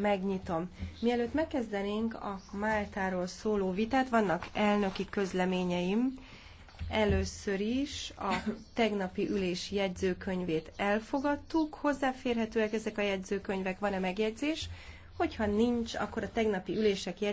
megnyitom. Mielőtt megkezdenénk a Máltáról szóló vitát, vannak elnöki közleményeim. Először is a tegnapi ülés jegyzőkönyvét elfogadtuk. Hozzáférhetőek ezek a jegyzőkönyvek, van-e megjegyzés? Hogyha nincs, akkor a tegnapi ülések jegyzőkönyvét